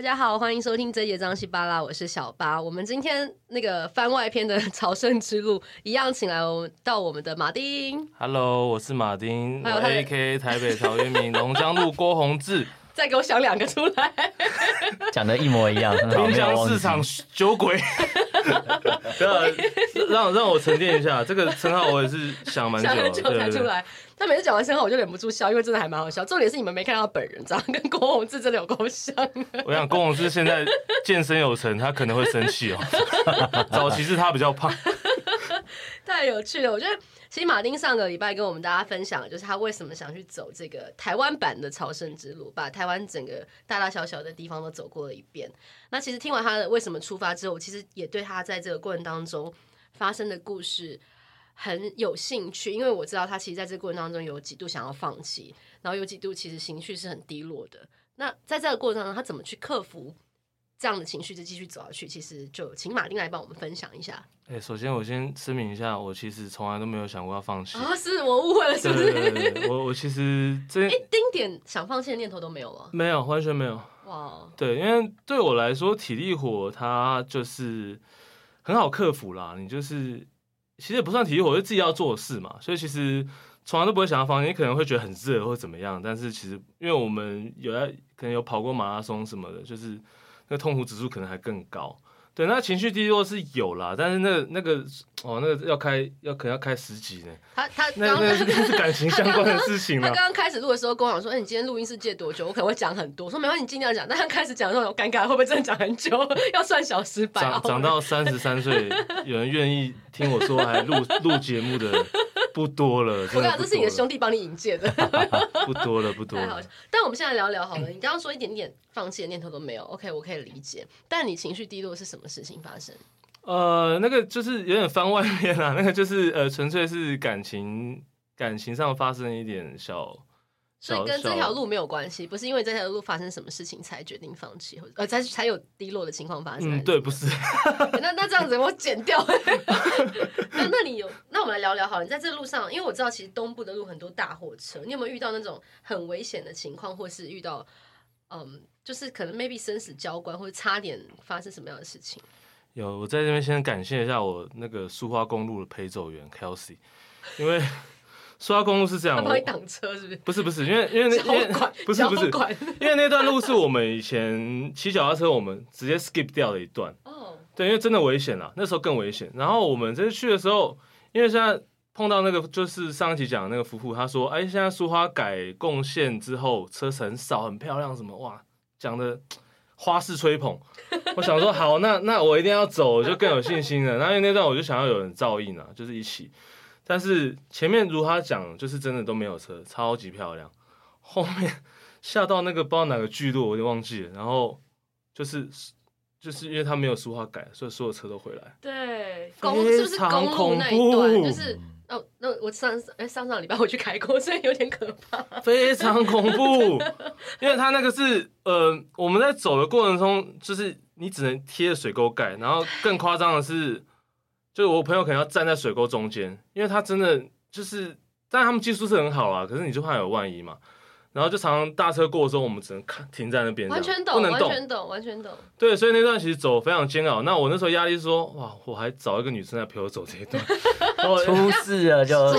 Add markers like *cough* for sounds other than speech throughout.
大家好，歡迎收聽這一集的張西巴拉，我是小巴。我們今天那個番外篇的朝聖之路，一樣請來到我們的馬丁。Hello，我是馬丁 Hello, 我，AK 台北陶淵明，龍 *laughs* 江路郭宏志。再給我想兩個出來，講 *laughs* 的一模一樣。龍江市場酒鬼。 *laughs* *laughs* 對啊，讓讓我沉澱一下，這個稱號我也是想蠻久的出來，對對對。他每次講完稱號我就忍不住笑，因為真的還蠻好笑。重點是你們沒看到他本人，長得跟郭宏志真的有夠像。我想郭宏志現在健身有成， *laughs* 他可能會生氣哦、喔。 *laughs* 早期是他比較胖。 *laughs* *laughs* 太有趣了，我覺得。其實馬丁上個禮拜跟我們大家分享的就是他為什麼想去走這個台灣版的朝聖之路，把台灣整個大大小小的地方都走過了一遍。那其實聽完他的為什麼出發之後，我其實也對他在這個過程當中發生的故事很有興趣，因為我知道他其實在這個過程當中有幾度想要放棄，然後有幾度其實情緒是很低落的。那在這個過程當中，他怎麼去克服？這樣的情緒就繼續走下去，其實就請馬丁來幫我們分享一下。哎、欸，首先我先聲明一下，我其實從來都沒有想過要放棄啊、哦！是我誤會了，是不是？ *laughs* 我我其實這一丁點，點想放棄的念頭都沒有了，啊，沒有，完全沒有。嗯哦、對，因為對我來說體力活它就是很好克服啦。你就是其實也不算體力活，就是，自己要做事嘛，所以其實從來都不會想要放棄。你可能會覺得很熱或怎麼樣，但是其實因為我們有在可能有跑過馬拉松什麼的，就是。那痛苦指數可能還更高，對，那情緒低落是有啦，但是那個、那個哦，那個要開要可能要開十集呢。他他剛剛那那個、是感情相關的事情了、啊。他剛剛開始錄的時候跟我講說，哎、欸，你今天錄音室借多久？我可能會講很多，說沒關係你盡量講。但他開始講的時候有尷尬，會不會真的講很久？要算小時吧。長到三十三歲，有人願意聽我說還錄錄節目的。不多了，不多了，我跟你講，這是你的兄弟幫你引薦的。 *laughs* 不多了，不多了。了。但我們現在聊聊好了，欸，你剛剛說一點點放棄的念頭都沒有，OK，我可以理解。但你情緒低落是什麼事情發生？呃，那個就是有點翻外面啦，啊，那個就是呃，純粹是感情感情上發生一點小。所以跟這條路沒有關係，不是因為這條路發生什麼事情才決定放棄，或者呃才才有低落的情況發生。嗯，對，不是。 *laughs* 欸、那那這樣子我剪掉。 *laughs* *laughs* *laughs* 那那你有？那我們來聊聊好了。你在這路上，因為我知道其實東部的路很多大貨車，你有沒有遇到那種很危險的情況，或是遇到嗯，就是可能 maybe 生死交關，或者差點發生什麼樣的事情？有，我在這邊先感謝一下我那個蘇花公路的陪走員 Kelsey，因為。 *laughs* 舒花公路是這樣，它會擋車是不是？不是，不是因為因為那因為不是不是，因為那段路是我們以前騎腳踏車，我們直接 skip 掉了一段。Oh. 對，因為真的危險了，那時候更危險。然後我們這去的時候，因為現在碰到那個就是上一期講那個夫婦，他說：“哎，現在蘇花改貢獻之後，車程少，很漂亮，什麼哇，講得花式吹捧。 *laughs* ”我想說，好，那那我一定要走，就更有信心了。 *laughs* 然後因為那段我就想要有人照應啊，就是一起。但是前面如他講，就是真的都沒有車，超級漂亮。後面下到那個不知道哪個聚落，我就忘記了。然後就是就是因為他沒有蘇花改，所以所有車都回來。對，公是不是公路那一段？就是那、哦、那我上哎上上禮拜我去開過，所以有點可怕，非常恐怖。 *laughs* 因為他那個是呃，我們在走的過程中，就是你只能貼水溝蓋，然後更誇張的是。就是我朋友可能要站在水溝中間，因為他真的就是，但他們技術是很好啊。可是你就怕有萬一嘛。然後就常常大車過的時候，我們只能看停在那邊，完全懂，不能動，完全懂，完全懂。對，所以那段其實走非常煎熬。那我那時候壓力是說，哇，我還找一個女生來陪我走這一段， *laughs* 出事了就、啊，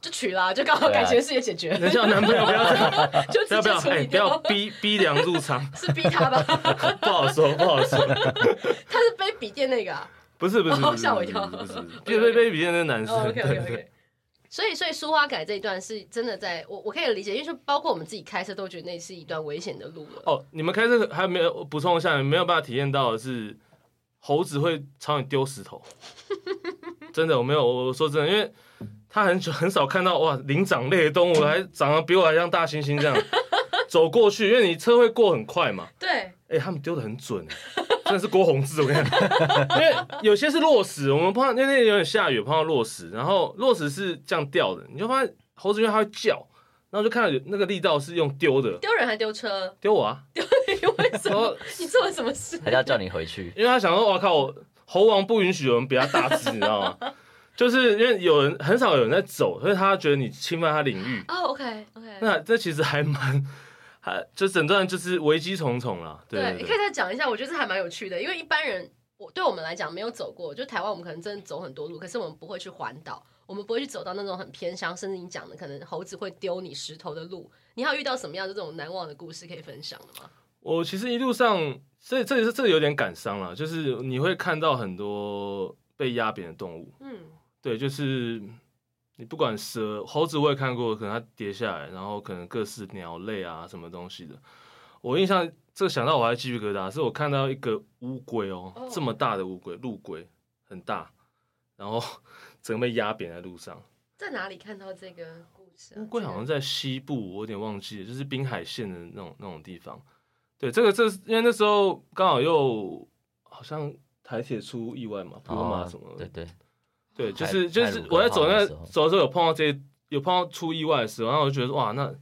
就娶啦、啊，就剛好感情事也解決了。啊、等我男朋友不要， *laughs* 就不要，不要，哎、欸，不要逼逼良入場， *laughs* 是逼他吧？ *laughs* 不好說，不好說。 *laughs* 他是背筆電那個、啊。不是不是嚇我一跳，不是，別別別，別人難死。OK OK，, okay, okay. 所以所以舒花改這一段是真的在，在我我可以理解，因為說包括我們自己開車都覺得那是一段危險的路了。哦、oh,，你們開車還有沒有補充一下？你沒有辦法體驗到的是猴子會朝你丟石頭， *laughs* 真的我沒有，我我說真的，因為他很很少看到哇靈長類的動物還長得比我還像大猩猩這樣 *laughs* 走過去，因為你車會過很快嘛。 *laughs* 對。哎、欸，他們丟得很準，真的是郭泓志，我跟你講， *laughs* 因為有些是落石，我們碰到那天有點下雨，碰到落石，然後落石是這樣掉的，你就發現猴子因為他會叫，然後就看到有那個力道是用丟的，丟人還丟車，丟我啊，丟你為什麼？ *laughs* 你做了什麼事？他就要叫你回去，因為他想說，哇靠我靠，猴王不允許有人比他大隻，你知道嗎？ *laughs* 就是因為有人很少有人在走，所以他覺得你侵犯他領域。哦、嗯 oh,，OK，OK，、okay, okay. 那這其實還蠻。就整段就是危機重重了，對，對，對，你可以再講一下，我覺得是還蠻有趣的，因為一般人我對我們來講沒有走過，就台灣我們可能真的走很多路，可是我們不會去環島，我們不會去走到那種很偏鄉，甚至你講的可能猴子會丟你石頭的路，你還有遇到什麼樣的這種難忘的故事可以分享的嗎？我其實一路上，所以這裡是這裡有點感傷了，就是你會看到很多被壓扁的動物，嗯，對，就是。你不管蛇、猴子我也看過，可能它跌下來，然後可能各式鳥類啊什麼東西的。我印象這個想到我還起雞皮疙瘩，是我看到一個烏龜哦，oh. 這麼大的烏龜，陸龜很大，然後整個被壓扁在路上。在哪裡看到這個故事、啊？烏龜好像在西部，我有點忘記，就是濱海線的那種那種地方。對，這個這是、個、因為那時候剛好又好像台鐵出意外嘛，普悠瑪什麼的？Oh. 對對。對，就是就是我在走那走的時候，有碰到這些，有碰到出意外的時候，然後我就覺得哇，那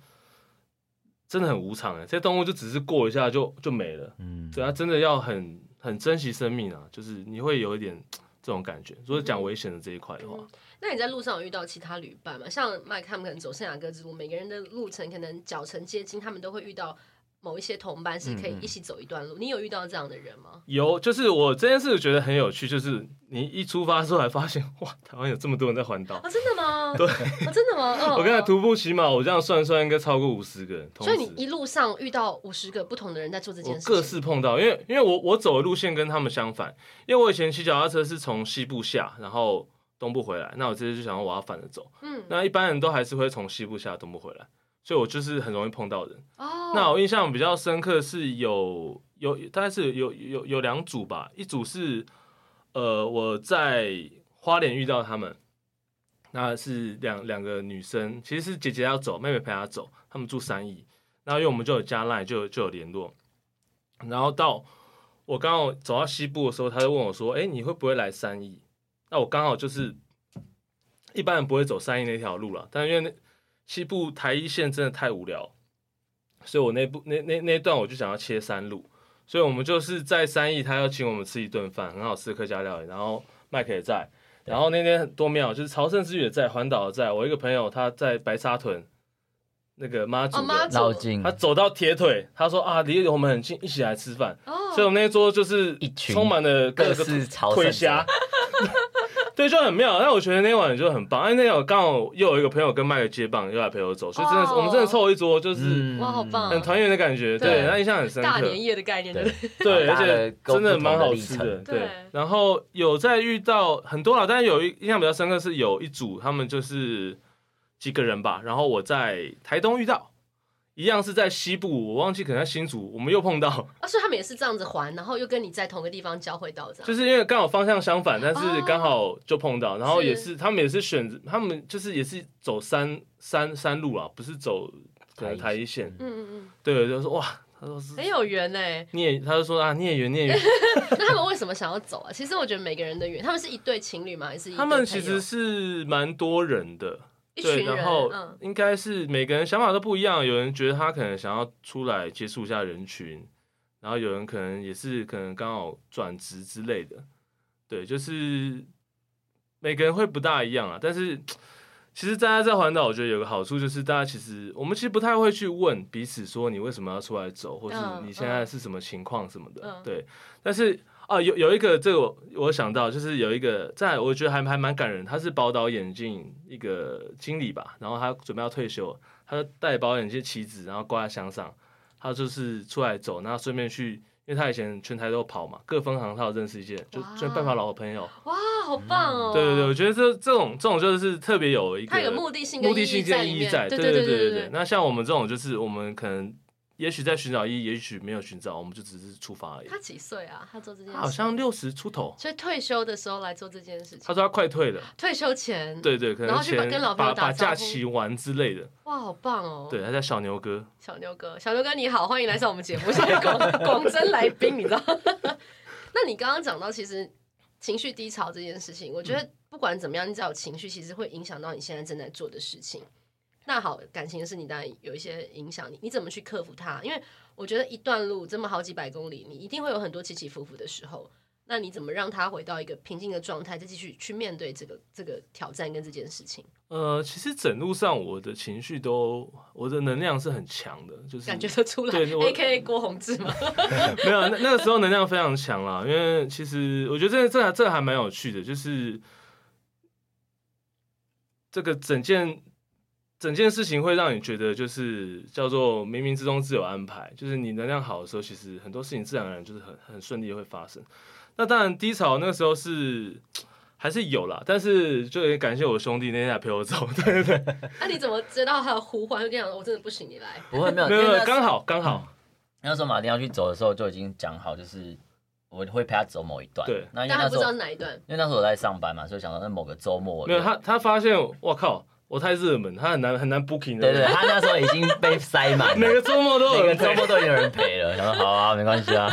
真的很無常哎，這些動物就只是過一下就就沒了，對、嗯、真的要很很珍惜生命啊，就是你會有一點這種感覺。如果講危險的這一塊的話、嗯嗯，那你在路上有遇到其他旅伴嗎？像麥克他們可能走聖雅各之路，每個人的路程可能腳程接近，他們都會遇到。某一些同伴是可以一起走一段路，嗯，你有遇到這樣的人嗎？有，就是我這件事覺得很有趣，就是你一出發的時候還發現哇，台灣有這麼多人在環島啊！真的嗎？對，哦，真的嗎？哦、 *laughs* 我剛才徒步騎馬，我這樣算算應該超過五十個人。所以你一路上遇到五十個不同的人在做這件事。我各自碰到，因為因為我我走的路線跟他們相反，因為我以前騎腳踏車是從西部下，然後東部回來，那我這次就想說我要反着走。嗯，那一般人都還是會從西部下東部回來。所以我就是很容易碰到人。哦、oh.。那我印象比較深刻是有有大概是有有有兩組吧，一組是呃我在花蓮遇到他們，那是兩兩個女生，其實是姐姐要走，妹妹陪她走，他們住三義。然後因為我們就有加 LINE，就就有聯絡，然後到我剛好走到西部的時候，他就問我說：“哎、欸，你會不會來三義？”那我剛好就是一般人不會走三義那條路啦，但因為那。西部台一線真的太無聊，所以我那部那那那段我就想要切山路，所以我們就是在三義，他要請我們吃一頓飯，很好吃的客家料理。然後 Mike 也在，然後那天多妙，就是朝聖之旅也在環島，環島也在，我一個朋友他在白沙屯，那個媽祖、哦、祖，媽祖，他走到鐵腿，他說啊離我們很近，一起來吃飯。哦。所以我們那一桌就是充滿了各個各式朝退蝦。對，就很妙。但我覺得那晚就很棒，因為那晚剛好又有一個朋友跟 Mike 接棒，又來陪我走，所以真的是、oh, 我們真的湊一桌，就是哇，好棒，很團圓的感覺。嗯、對，那印象很深刻。大年夜的概念對，對，對而且真的蠻好吃的。對，然後有在遇到很多啦，但是有一印象比較深刻是有一組，他們就是幾個人吧，然後我在台東遇到。一樣是在西部，我忘記可能在新竹，我們又碰到啊，所以他們也是這樣子環，然後又跟你在同個地方交匯到這，就是因為剛好方向相反，但是剛好就碰到，然後也是，是他們也是選擇，他們就是也是走山山山路啊，不是走台台一線，嗯嗯嗯，對，我就說哇，他說是很有緣哎、欸，你也，他就說啊，孽緣孽緣， *laughs* *laughs* 那他們為什麼想要走啊？其實我覺得每個人的緣，他們是一對情侶嗎？還是一對他們其實是蠻多人的。對，然後應該是每個人想法都不一樣、嗯。有人覺得他可能想要出來接觸一下人群，然後有人可能也是可能剛好轉職之類的。對，就是每個人會不大一樣啊。但是其實大家在環島，我覺得有個好處就是，大家其實我們其實不太會去問彼此說你為什麼要出來走，或是你現在是什麼情況什麼的。嗯、對、嗯，但是。啊，有有一個這個我想到，就是有一個在我覺得還還蠻感人，他是寶島眼鏡一個經理吧，然後他準備要退休，他帶寶島眼鏡旗子，然後掛在箱上，他就是出來走，然後順便去，因為他以前全台都跑嘛，各分行他有認識一些，就就拜訪老朋友。哇，好棒哦！嗯，對對對，我覺得這這種這種就是特別有一個，他有目的性跟，目的性跟意義在，對對對對對對對。對對對對對。那像我們這種就是我們可能。也許在尋找意義，也許沒有尋找，我們就只是出發而已。他幾歲啊？他做這件事情好像六十出頭，所以退休的時候來做這件事情。他說他快退了，退休前對對，對可能前，然後去把跟老朋友打架、假玩之類的。哇，好棒哦！對他叫小牛哥，小牛哥，小牛哥你好，歡迎來上我們節目，廣廣 *laughs* 真來賓，你知道嗎？ *laughs* 那你剛剛講到其實情緒低潮這件事情，我覺得不管怎麼樣，你只要有情緒，其實會影響到你現在正在做的事情。那好，感情的事你當然有一些影響，你你怎麼去克服它？因為我覺得一段路這麼好幾百公里，你一定會有很多起起伏伏的時候。那你怎麼讓他回到一個平靜的狀態，再繼續去面對這個這個挑戰跟這件事情？呃，其實整路上我的情緒都，我的能量是很強的，就是感覺得出來。對，AK 郭宏志嗎？ *laughs* *laughs* 沒有，那那個時候能量非常強啦。因為其實我覺得這這這還蠻有趣的，就是這個整件。整件事情會讓你覺得就是叫做冥冥之中自有安排，就是你能量好的時候，其實很多事情自然而然就是很很順利的會發生。那當然低潮那個時候是還是有啦，但是就也感謝我兄弟那天來陪我走，對不對，對。那、啊、你怎麼知道他的呼喚？就跟你講，我真的不行，你來。不會，沒有，沒有，剛好剛好、嗯。那時候馬丁要去走的時候，就已經講好就是我會陪他走某一段。對，那因為不知道哪一段。因為那時候我在上班嘛，所以想到在某個週末有沒有。沒有他，他發現我靠。我太熱門，他很難很難 booking 的。對，對對，他那時候已經被塞滿。 *laughs* 每個週末都每個週末都有人陪了，然後 *laughs* 好啊，沒關係啊。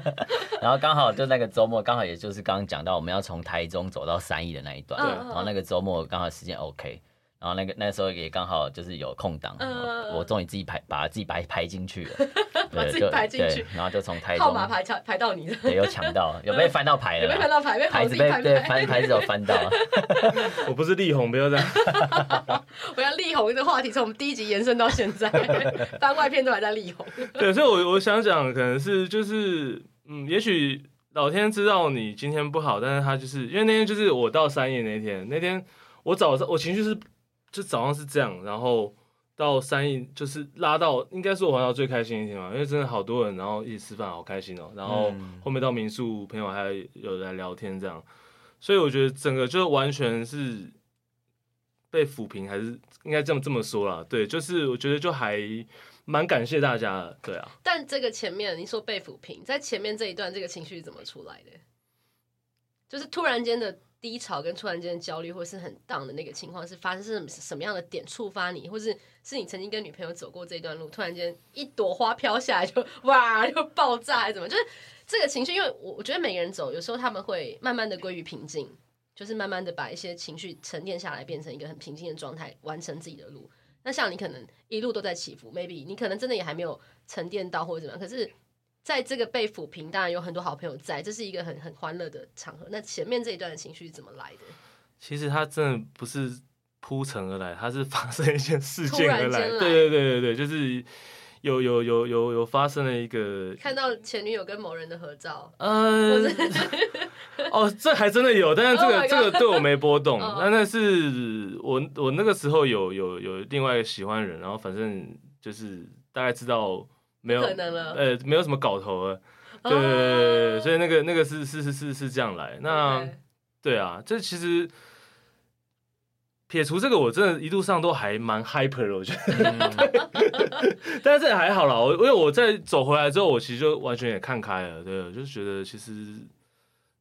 *laughs* 然後剛好就那個週末，剛好也就是剛講到我們要從台中走到三義的那一段，然後那個週末剛好時間 OK。然後那個那個、時候也剛好就是有空檔，嗯、我終於自己排把自己排排進去了，把自己排進去，然後就從台中號碼排，排到你，沒有搶到，有沒有翻到牌了？嗯、有被翻到牌牌子被沒對翻牌子有翻到，我不是力宏， *laughs* 不要這樣， *laughs* 我要力宏。這話題從我們第一集延伸到現在，番 *laughs* 外篇都還在力宏。對，所以我，我我想講，可能是就是，嗯，也許老天知道你今天不好，但是他就是因為那天就是我到三葉那天，那天我早上我情緒是。就早上是這樣，然後到三億就是拉到，應該是我玩到最開心一天嘛，因為真的好多人，然後一起吃飯，好開心哦、喔。然後後面到民宿，朋友還有人來聊天這樣，所以我覺得整個就完全是被撫平，還是應該這麼這麼說啦。對，就是我覺得就還蠻感謝大家的，對啊。但這個前面你說被撫平，在前面這一段這個情緒是怎麼出來的？就是突然間的。低潮跟突然間的焦慮，或是很 down 的那個情況是發生是什麼樣的點觸發你，或是是你曾經跟女朋友走過這段路，突然間一朵花飄下來就哇就爆炸，還是怎麼？就是這個情緒，因為我我覺得每個人走，有時候他們會慢慢的歸於平靜，就是慢慢的把一些情緒沉澱下來，變成一個很平靜的狀態，完成自己的路。那像你可能一路都在起伏，maybe 你可能真的也還沒有沉澱到或者怎麼樣，可是。在這個被撫平，當然有很多好朋友在，這是一個很很歡樂的場合。那前面這一段的情緒是怎麼來的？其實他真的不是鋪陳而來，他是發生一些事件而來。對對對對對，就是有有有有有發生了一個看到前女友跟某人的合照。嗯、呃，哦，這還真的有，但是這個、oh、這個對我沒波動。那、oh. 那是我我那個時候有有有另外一個喜歡人，然後反正就是大概知道。沒有呃、欸，沒有什麼搞頭了。對對對對，所以那個那個是是是是是這樣來，那、okay. 對啊，這其實撇除這個，我真的一路上都還蠻 hyper 的，我覺得，嗯、 *laughs* 對，但是這也還好啦，我因為我在走回來之後，我其實就完全也看開了，對，就是覺得其實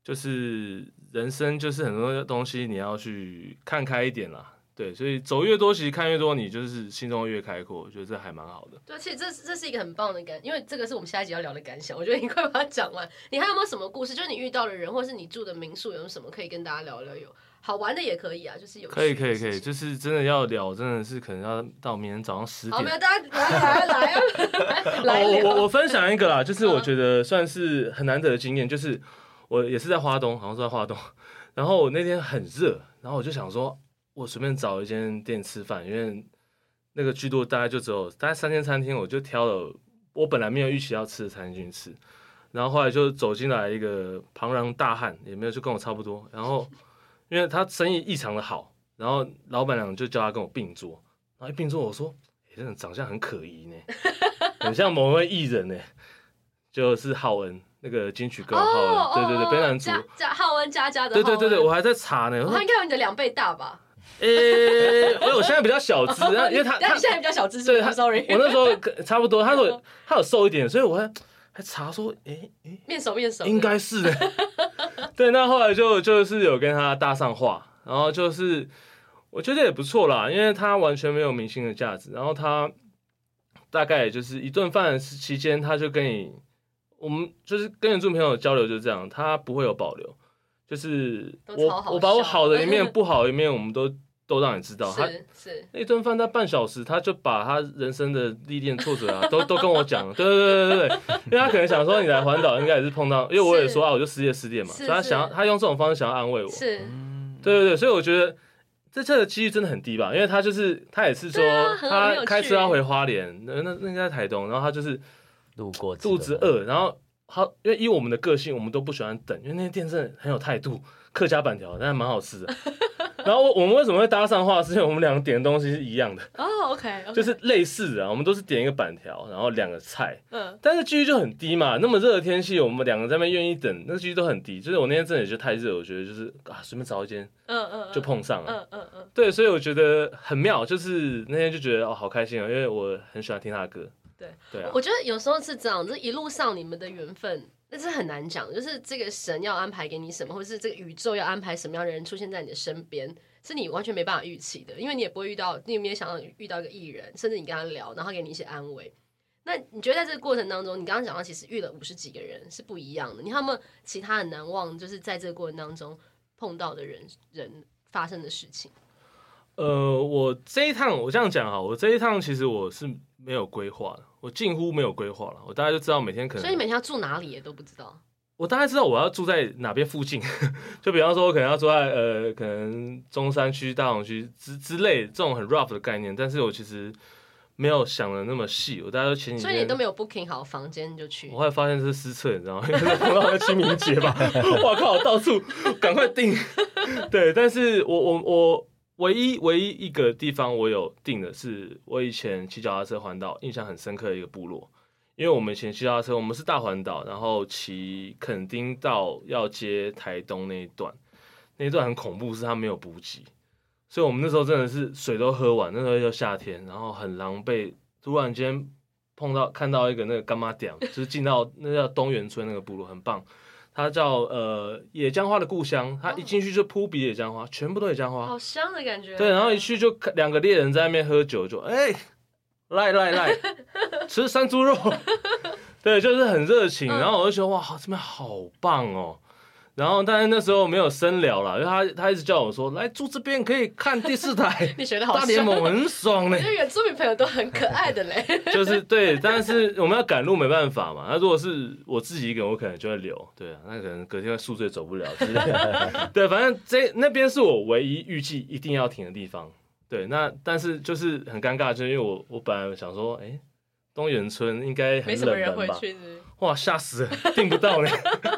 就是人生就是很多東西你要去看開一點啦。對，所以走越多，其實看越多，你就是心中越開闊，我覺得這還蠻好的。對，其實這是這是一個很棒的感，因為這個是我們下一集要聊的感想。我覺得你快把它講完，你還有沒有什麼故事？就是你遇到的人，或是你住的民宿，有什麼可以跟大家聊聊有有好玩的也可以啊，就是有。可以可以可以，就是真的要聊，真的是可能要到明天早上十點。好，沒有，大家來啊來來、啊， *laughs* *laughs* 我我我分享一個啦，就是我覺得算是很難得的經驗，就是我也是在花東，好像是在花東，然後我那天很熱，然後我就想說。我隨便找一間店吃飯，因為那個居多大概就只有大概三間餐廳，我就挑了我本來沒有預期要吃的餐廳去吃。然後後來就走進來一個龐然大漢，也沒有就跟我差不多。然後因為他生意異常的好，然後老板娘就叫他跟我併桌。然後一併桌，我說：，真、欸、的、那個、長相很可疑呢、欸，很像某位藝人呢、欸，就是浩恩，那個金曲歌、oh, 浩恩，對對對，飛男主加,加浩恩加加的，對對對對，我還在查呢、欸，他應該有你的兩倍大吧。呃、 *laughs* 欸，我、欸、我現在比較小資， *laughs* 因為他他現在比較小資，對，sorry. 他 sorry，我那時候跟差不多，他說他有瘦一點，所以我還還查說，誒、欸、誒、欸，面熟面熟，應該是， *laughs* 對，那後來就就是有跟他搭上話，然後就是我覺得也不錯啦，因為他完全沒有明星的架子，然後他大概就是一頓飯期間，他就跟你我們就是跟原著朋友交流就這樣，他不會有保留，就是我我把我好的一面、不好的一面，我們都。 *laughs* 都讓你知道，他那一頓飯，他半小時，他就把他人生的歷練、挫折啊， *laughs* 都都跟我講。對對對對對，因為他可能想說，你來環島應該也是碰到，因為我也說啊，我就失業失戀嘛，是是，所以他想要他用這種方式想要安慰我。對對對，所以我覺得這次的機率真的很低吧，因為他就是他也是說、啊、他開車要回花蓮，那那應該在台東，然後他就是路過肚子餓，然後因為以我們的個性，我們都不喜歡等，因為那些店真的很有態度，客家板條，但是蠻好吃的。 *laughs* 然後我們為什麼會搭上話？是因為我們兩個點的東西是一樣的哦。Oh, okay, OK，就是類似的、啊，我們都是點一個板條，然後兩個菜。嗯、uh,，但是幾率就很低嘛。那麼熱的天氣，我們兩個在那邊願意等，那幾率都很低。就是我那天真的也就太熱，我覺得就是啊，隨便找一間，嗯嗯，就碰上了。嗯嗯嗯，對，所以我覺得很妙，就是那天就覺得哦，好開心啊、哦，因為我很喜歡聽他的歌。對對啊，我覺得有時候是這樣，就一路上你們的緣分。那但是很難講，就是這個神要安排給你什麼，或是這個宇宙要安排什麼樣的人出現在你的身邊，是你完全沒辦法預期的。因為你也不會遇到，你有沒有想到遇到一個藝人，甚至你跟他聊，然後給你一些安慰？那你覺得在這個過程當中，你剛剛講到其實遇了五十幾個人是不一樣的，你還有沒有其他很難忘？就是在這個過程當中碰到的人人發生的事情？呃，我這一趟我這樣講啊，我這一趟其實我是。沒有規劃，我近乎沒有規劃了。我大概就知道每天可能，所以你每天要住哪裡也都不知道。我大概知道我要住在哪邊附近， *laughs* 就比方說我可能要住在呃，可能中山區、大同區之之類這種很 rough 的概念。但是我其實沒有想的那麼細。我大概你，所以你都沒有 booking 好房間就去。我會發現這是失策，你知道嗎？因為剛剛清明節吧，我靠，到處趕快訂 *laughs* *laughs* 對，但是我我我。我唯一唯一一個地方我有訂的是我以前騎腳踏車環島印象很深刻的一個部落，因為我們以前騎腳踏車，我們是大環島，然後騎墾丁到要接台東那一段，那一段很恐怖，是它沒有補給，所以我們那時候真的是水都喝完，那時候就夏天，然後很狼狽，突然間碰到，看到一個那個柑仔店，就是進到那叫東源村那個部落，很棒。它叫呃野薑花的故鄉，它一進去就撲鼻野薑花，Oh. 全部都野薑花，好香的感覺。對，然後一去就兩個獵人在那邊喝酒，就哎來來來吃山豬豬肉， *laughs* 對，就是很熱情。 *laughs* 然後我就說哇，這邊好棒哦。然後，但是那時候沒有深聊了，因為他他一直叫我說，來住這邊可以看第四台， *laughs* 你覺得好大聯盟很爽嘞、欸，因為原住民朋友都很可愛的嘞。就是對，但是我們要趕路，沒辦法嘛。他如果是我自己一個人，我可能就會留。對啊，那可能隔天宿醉走不了之類的。 *laughs* 對，反正這那邊是我唯一預計一定要停的地方。對，那但是就是很尷尬，就是、因為我我本來想說，哎，東園村應該很冷門吧，沒什麼人回去是是。哇，嚇死了，訂不到嘞！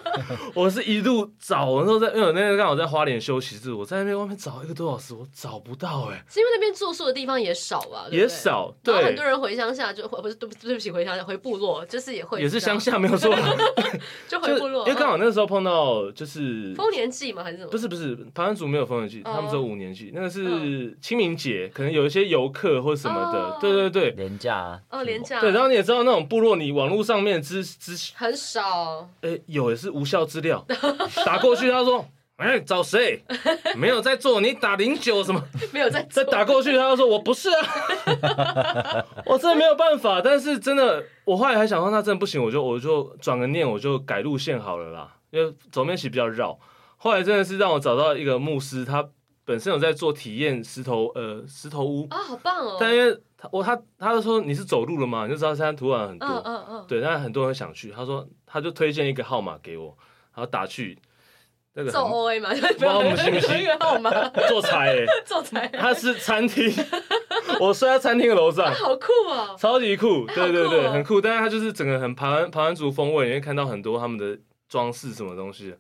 *laughs* 我是一路找，然後在因為我那天剛好在花蓮休息，是我在那邊外面找一個多小時，我找不到哎、欸，是因為那邊住宿的地方也少啊，對對也少，對，然後很多人回鄉下就哦，不是，對對不起，回鄉下回部落就是也會也是鄉下沒有錯、啊， *laughs* 就回部落、啊，因為剛好那個時候碰到就是豐年祭嘛，還是怎麼？不是不是，排灣族沒有豐年祭、哦，他們只有五年祭，那個是清明節、哦，可能有一些遊客或者什麼的、哦，對對對，連假、啊、哦連假、啊，對，然後你也知道那種部落，你網絡上面知。嗯很少，欸、有也是無效資料， *laughs* 打過去他說，哎、欸，找誰？沒有在做，你打零九什麼？ *laughs* 沒有在。再 *laughs* 打過去，他說我不是啊， *laughs* 我真的沒有辦法。但是真的，我後來還想說，那真的不行，我就我就轉個念，我就改路線好了啦，因為走面其實比較繞。後來真的是讓我找到一個牧師，他本身有在做體驗石頭，呃，石頭屋啊、哦，好棒哦。但因為他他他就說你是走路了嗎？你就知道山圖案很多，uh, uh, uh. 對，但是很多人想去。他說他就推薦一個號碼給我，然後打去，真、那、的、個、做 OA 嘛，不是不是對做，做菜、欸，做菜、欸，他是餐廳， *laughs* 我睡在餐廳的樓上，好酷哦、喔，超級酷，對對對，酷喔、很酷。但是他就是整個很排灣排灣族風味，你會看到很多他們的裝飾什麼東西。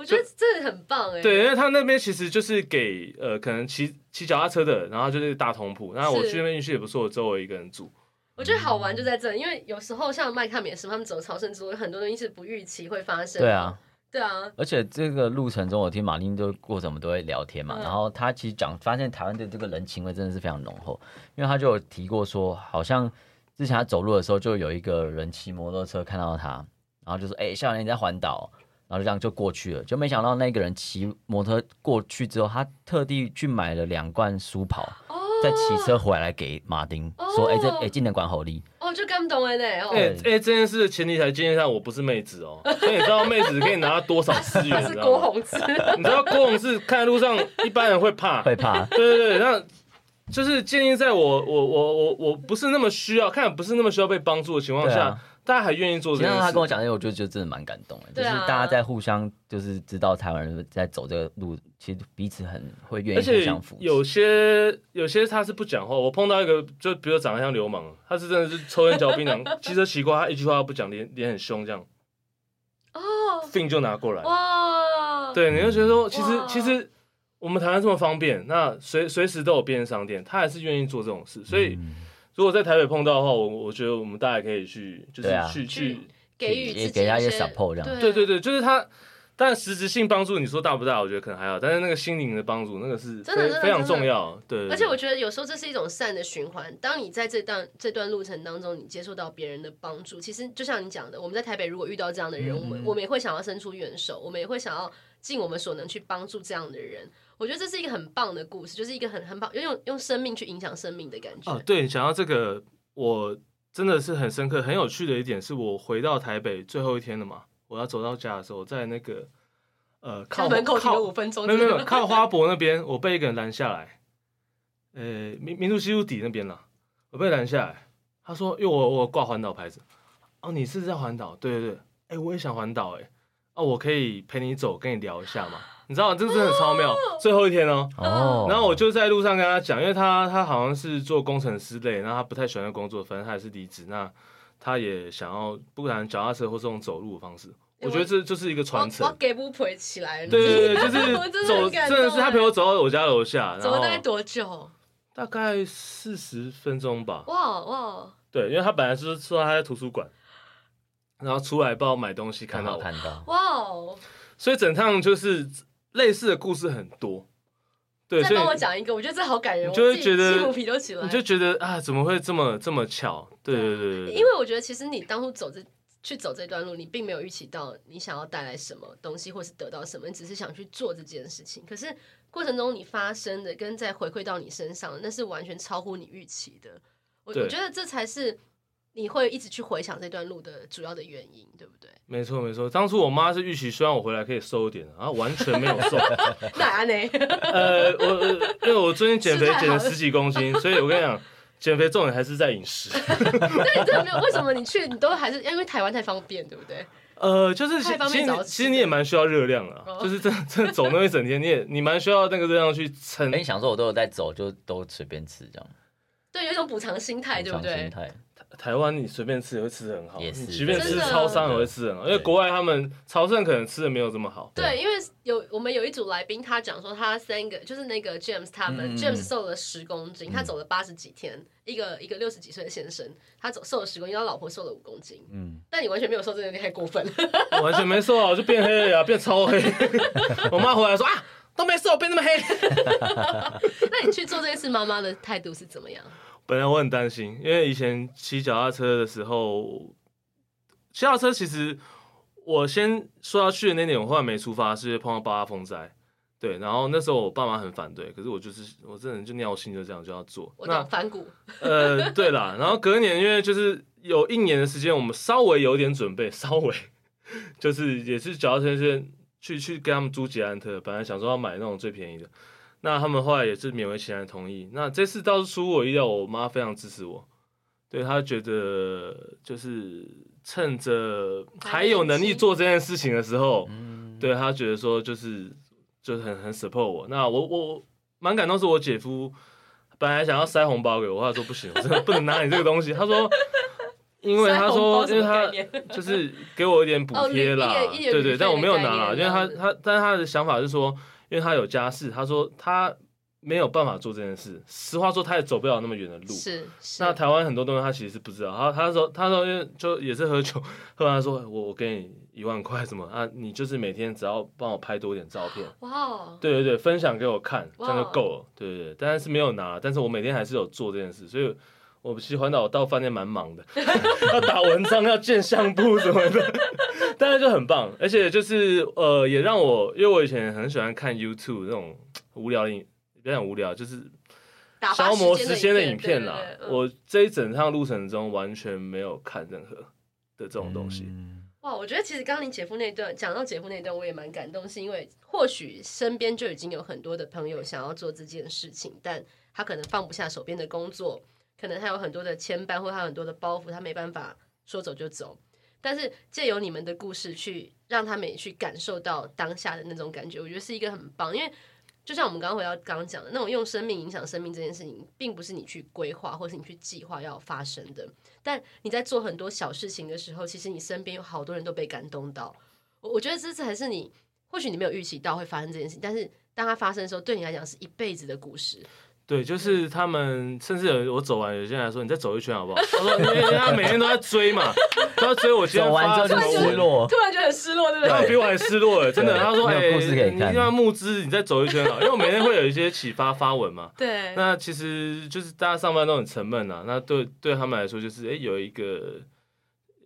我覺得這很棒哎、欸！對，因為他那邊其實就是給呃，可能騎騎腳踏車的，然後就是大通鋪然後我去那邊運氣也不錯，周圍一個人住。我覺得好玩就在這，因為有時候像麥克米斯他們走朝聖之路，很多東西是不預期會發生。對啊，對啊。而且這個路程中，我聽馬丁都過程我們都會聊天嘛、嗯，然後他其實講發現台灣的這個人情味真的是非常濃厚，因為他就有提過說，好像之前他走路的時候就有一個人騎摩托車看到他，然後就說：“哎，少年你在環島。”然後就這樣就過去了，就沒想到那個人騎摩托過去之後，他特地去買了兩罐舒跑，哦、再騎車回來給馬丁說：“哎，這哎，今天管好力。”哦，就感動誒嘞哦。對，哎、哦欸欸，這件事的前提才建立在，我不是妹子哦，所 *laughs* 以、欸、你知道妹子可以拿到多少資源？ *laughs* 是郭宏志，你知道郭宏志 *laughs* 看路上一般人會怕，會怕。對對對，那就是建立，在我我我我我不是那麼需要，看不是那麼需要被幫助的情況下。大家還願意做這個。他,他跟我講這個，因為我就就真的蠻感動哎、啊，就是大家在互相，就是知道台灣人在走這個路，其實彼此很會願意相扶。而且有些有些他是不講話，我碰到一個，就比如說長得像流氓，他是真的是抽菸嚼檳榔， *laughs* 其實奇怪，他一句話不講，臉臉很凶這樣。哦、oh,。thing 就拿過來哇，wow. 對，你就覺得說，其實、wow. 其實我們台灣這麼方便，那隨隨時都有便利商店，他還是願意做這種事，所以。嗯如果在台北碰到的話，我我覺得我們大家可以去，就是去、啊、去給予也給，給他一些 support 這樣。對對對，就是他，但實質性幫助你說大不大？我覺得可能還好，但是那個心靈的幫助，那個是真的，真的非常重要。對，而且我覺得有時候這是一種善的循環。當你在這段這段路程當中，你接受到別人的幫助，其實就像你講的，我們在台北如果遇到這樣的人，我、嗯、們我們也會想要伸出援手，我們也會想要盡我們所能去幫助這樣的人。我覺得這是一個很棒的故事，就是一個很很棒，用用生命去影響生命的感覺。啊，對，講到這個，我真的是很深刻。很有趣的一點是，我回到台北最後一天了嘛，我要走到家的時候，在那個呃，靠門口靠五分鐘，沒有沒有，靠花博那邊， *laughs* 我被一個人攔下來。呃，民民族西路底那邊了，我被攔下來，他說，因為我我掛環島牌子，哦、啊，你是在環島，對對對，哎，我也想環島，哎。我可以陪你走，跟你聊一下嘛？你知道嗎？這個真的很超妙。最後一天哦、喔，然後我就在路上跟他講，因為他他好像是做工程師類，然後他不太喜歡那工作，反正他也是離職，那他也想要，不然腳踏車或是這種走路的方式。我覺得這就是一個傳承。我給起來？對對，對，對就是走，真的是他陪我走到我家樓下。走了大概多久？大概四十分鐘吧。哇哇！對，因為他本來是說他在圖書館。然後出來幫我買東西，看到看到哇哦！所以整趟就是類似的故事很多。對，再幫我講一個，覺我覺得這好感人，你就會覺得心就覺得，就覺得啊，怎麼會這麼這麼巧？對對對，對，對，對。因為我覺得其實你當初走這去走這段路，你並沒有預期到你想要帶來什麼東西，或是得到什麼，你只是想去做這件事情。可是過程中你發生的，跟再回饋到你身上的，那是完全超乎你預期的。我我覺得這才是。你會一直去回想這段路的主要的原因，對不對？沒錯，沒錯。當初我媽是預期，希望我回來可以瘦一點，然、啊、後完全沒有瘦，哪呢？呃，我因為我最近減肥減了十幾公斤， *laughs* 所以我跟你講，減肥重點還是在飲食。對 *laughs* *laughs* 你真的沒有？為什麼你去你都還是因為台灣太方便，對不對？呃，就是其實其實你也蠻需要熱量啊， *laughs* 就是真的真的走那一整天，你也你蠻需要那個熱量去撐、欸。你想說，我都有在走，就都隨便吃這樣。對，有一種補償心態，對不對？補償心態。台灣你隨便吃也會吃的很好，隨便吃超商也會吃很好，因為國外他們超商可能吃的沒有這麼好。對，對因為有我們有一組來賓，他講說他三個就是那個 James 他們、嗯、，James 瘦了十公斤、嗯，他走了八十幾天，嗯、一個一個六十幾歲的先生，他走瘦了十公斤，他老婆瘦了五公斤。嗯，那你完全沒有瘦，這有點太過分了。完全沒瘦啊，我就變黑了呀、啊， *laughs* 變超黑。 *laughs* 我媽回來說啊，都沒瘦，變那麼黑。 *laughs* *laughs* 那你去做這次，媽媽的態度是怎麼樣？本來我很擔心，因為以前騎腳踏車的時候，騎腳踏車其實我先說要去的那點，我後來沒出發，就是碰到八八風災，對，然後那時候我爸媽很反對，可是我就是我真的就尿性就這樣就要做。我反骨。那呃，對啦，然後隔年因為就是有一年的時間，我們稍微有點準備，稍微就是也是腳踏車先去去跟他們租捷安特，本來想說要買那種最便宜的。那他們後來也是勉為其難同意。那這次倒是出乎我意料，我媽非常支持我。對，她覺得就是趁着還有能力做這件事情的時候，對，她覺得說就是就是很很 support 我。那我我我蠻感動，是我姐夫本來想要塞紅包給我，他說不行，我真的不能拿你這個東西。他 *laughs* 說，說因為他說因為他就是給我一點補貼啦，哦、對，對對，但我沒有拿，因為他他但是他的想法是說。因為他有家事，他說他沒有辦法做這件事。實話說，他也走不了那麼遠的路。是，是那台灣很多東西他其實是不知道。他他說他說就也是喝酒，喝完說，我我給你一萬塊，什麼啊？你就是每天只要幫我拍多一點照片，哇、wow.！對對對，分享給我看，這樣就夠了。Wow. 對對對，但是沒有拿。但是我每天還是有做這件事，所以我其實環島我到飯店蠻忙的， *laughs* *laughs* 要打文章， *laughs* 要建相簿什麼的。 *laughs* 但是就很棒，而且就是呃，也讓我，因為我以前很喜歡看 YouTube 那種無聊的，不要講無聊，就是消磨時間的影片啦影片、嗯。我這一整趟路程中完全沒有看任何的這種東西。哇、嗯，Wow, 我覺得其實剛剛你姐夫那段，講到姐夫那段，我也蠻感動，是因為或許身邊就已經有很多的朋友想要做這件事情，但他可能放不下手邊的工作，可能他有很多的牽絆或他很多的包袱，他沒辦法說走就走。但是借由你們的故事去讓他們也去感受到當下的那種感覺，我覺得是一個很棒。因為就像我們剛剛回到剛剛講的那種用生命影響生命這件事情，並不是你去規劃或是你去計劃要發生的。但你在做很多小事情的時候，其實你身邊有好多人都被感動到。我我覺得這次還是你，或許你沒有預期到會發生這件事情，但是當它發生的時候，對你來講是一輩子的故事。對，就是他們，甚至有我走完，有些人來說：“你再走一圈好不好？”他說：“因為他每天都在追嘛，都 *laughs* 在追我。”走完之後就失落，突然覺得很失落，對不對？對他們比我還失落哎，真的。他說：“哎，你要募資你再走一圈啊，因為我每天會有一些啟發發文嘛。”對，那其實就是大家上班都很沉悶啊，那對對他們來說就是哎、欸，有一個。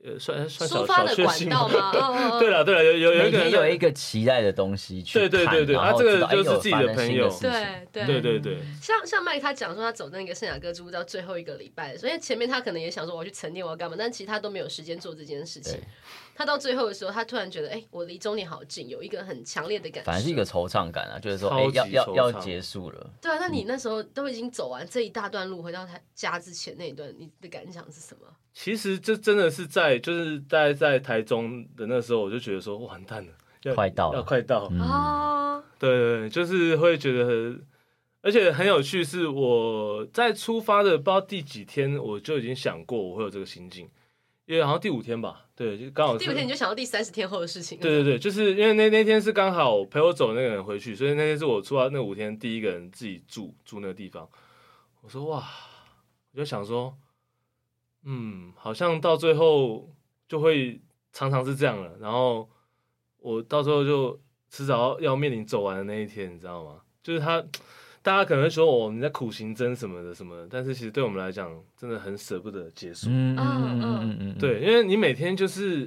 呃，算算，出發的管道嗎？對了，對了，有有有一個期待的東西去看，然後這個，就是自己的朋友。欸、對對，對對對，像像麥克他講說，他走那個聖雅哥之路到最後一個禮拜，所以前面他可能也想說，我要去沉澱，我要幹嘛？但其實他都沒有時間做這件事情。他到最後的時候，他突然覺得，哎、欸，我離終點好近，有一個很強烈的感覺，反正是一個惆悵感啊，就是說，哎、欸，要要要結束了。對啊，那你那時候都已經走完這一大段路，回到他家之前那一段，你的感想是什麼？嗯、其實這真的是在就是在在台中的那時候，我就覺得說，完蛋了，要快到了要快到啊，哦！對對對，就是會覺得很，而且很有趣是我在出發的不知道第幾天，我就已經想過我會有這個心境。因為好像第五天吧，對，就剛好第五天你就想到第三十天後的事情。對對對，就是因為那那天是剛好陪我走的那個人回去，所以那天是我出來那五天第一個人自己住住那個地方。我說哇，我就想說，嗯，好像到最後就會常常是這樣了。然後我到最後就遲早要面臨走完的那一天，你知道嗎？就是他。大家可能會說我們在苦行僧什麼的什麼的，但是其實對我們來講真的很捨不得結束。嗯嗯嗯嗯嗯。對，因為你每天就是，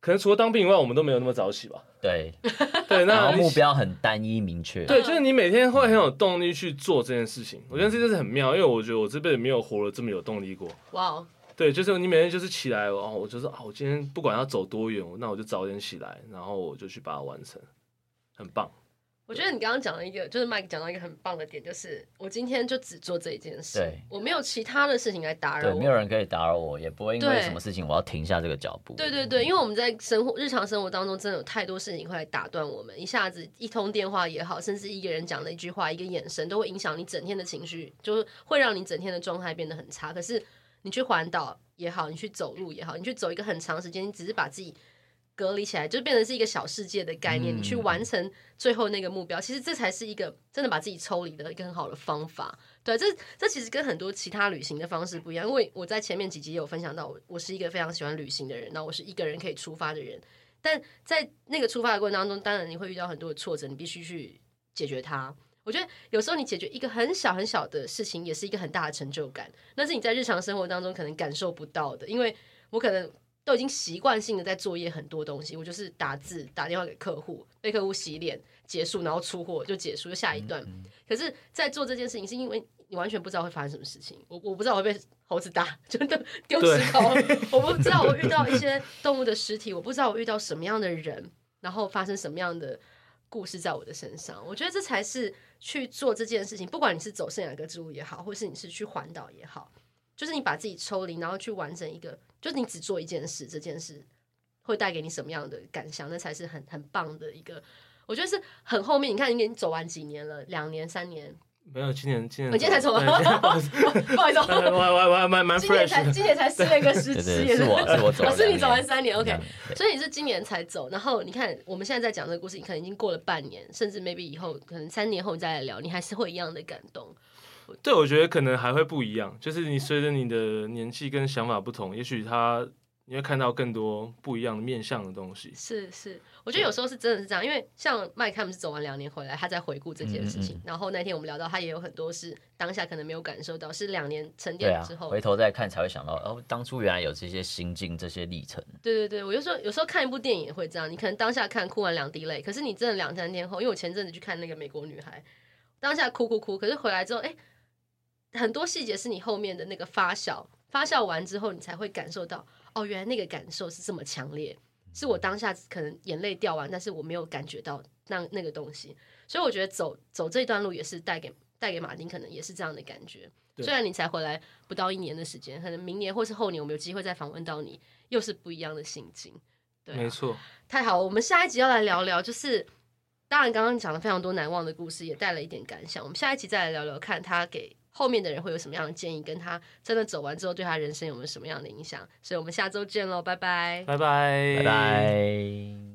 可能除了當兵以外，我們都沒有那麼早起吧？對 *laughs* 對，那目標很單一明確。對，就是你每天會很有動力去做這件事情。嗯，我覺得這件事就是很妙，因為我覺得我這輩子沒有活了這麼有動力過。哇。對，就是你每天就是起來哦，我就是哦，我今天不管要走多遠，那我就早點起來，然後我就去把它完成，很棒。我覺得你剛剛講了一個，就是 Mike 講到一個很棒的點，就是我今天就只做這一件事，對，我沒有其他的事情來打擾我，對，沒有人可以打擾我，也不會因為什麼事情我要停下這個腳步。對對對、嗯，因為我們在生活、日常生活當中，真的有太多事情會來打斷我們，一下子一通電話也好，甚至一個人講了一句話、一個眼神，都會影響你整天的情緒，就是會讓你整天的狀態變得很差。可是你去環島也好，你去走路也好，你去走一個很長時間，你只是把自己。隔離起來，就變成是一個小世界的概念，你去完成最後那個目標，嗯。其實這才是一個真的把自己抽離的一個很好的方法。對，這這其實跟很多其他旅行的方式不一樣，因為我在前面幾集有分享到，我是一個非常喜歡旅行的人，那我是一個人可以出發的人，但在那個出發的過程當中，當然你會遇到很多的挫折，你必須去解決它。我覺得有時候你解決一個很小很小的事情，也是一個很大的成就感，那是你在日常生活當中可能感受不到的，因為我可能。我已經習慣性的在作業很多東西，我就是打字、打電話給客戶、被客戶洗臉結束，然後出貨就結束，就下一段。嗯嗯、可是，在做這件事情，是因為你完全不知道會發生什麼事情。我我不知道我會被猴子打，真的丟石頭，我不知道我遇到一些動物的屍體， *laughs* 我不知道我遇到什麼樣的人，然後發生什麼樣的故事在我的身上。我覺得這才是去做這件事情，不管你是走聖雅各之路也好，或是你是去環島也好，就是你把自己抽離，然後去完成一個。就你只做一件事，這件事會帶給你什麼樣的感想？那才是很很棒的一個，我覺得是很後面。你看，你已經走完幾年了，兩年、三年，沒有，今年今年，我今年才走啊？不好意思，意思 *laughs* 天才 *laughs* 我我我我蠻 fresh 今年才今年才試了一個實也是我是我走，啊，是你走完三年，OK，所以你是今年才走。然後你看，我們現在在講這個故事，你可能已經過了半年，甚至 maybe 以後可能三年後再來聊，你還是會一樣的感動。對，我覺得可能還會不一樣，就是你隨着你的年紀跟想法不同，也許他，你會看到更多不一樣的面向的東西。是是，我覺得有時候是真的是這樣，因為像 Mike 他們是走完兩年回來，他在回顧這件事情。嗯嗯、然後那天我們聊到，他也有很多事當下可能沒有感受到，是兩年沉澱了之後、啊、回頭再看才會想到，哦，當初原來有這些心境、這些歷程。對對對，我就說有時候看一部電影也會這樣，你可能當下看哭完兩滴淚，可是你真的兩三天後，因為我前陣子去看那個《美國女孩》，當下哭哭哭，可是回來之後，哎。很多細節是你後面的那個發酵發酵完之後，你才會感受到哦，原來那個感受是這麼強烈，是我當下可能眼淚掉完，但是我沒有感覺到那那個東西。所以我覺得走走這段路也是帶給帶給馬丁，可能也是這樣的感覺。雖然你才回來不到一年的時間，可能明年或是後年，我們有機會再訪問到你，又是不一樣的心境。對，沒錯，太好了。我們下一集要來聊聊，就是當然剛剛講了非常多難忘的故事，也帶了一點感想。我們下一集再來聊聊，看他給。後面的人會有什麼樣的建議？跟他真的走完之後，對他人生有沒有什麼樣的影響？所以我們下周見嘍，拜拜，拜拜，拜拜。拜拜。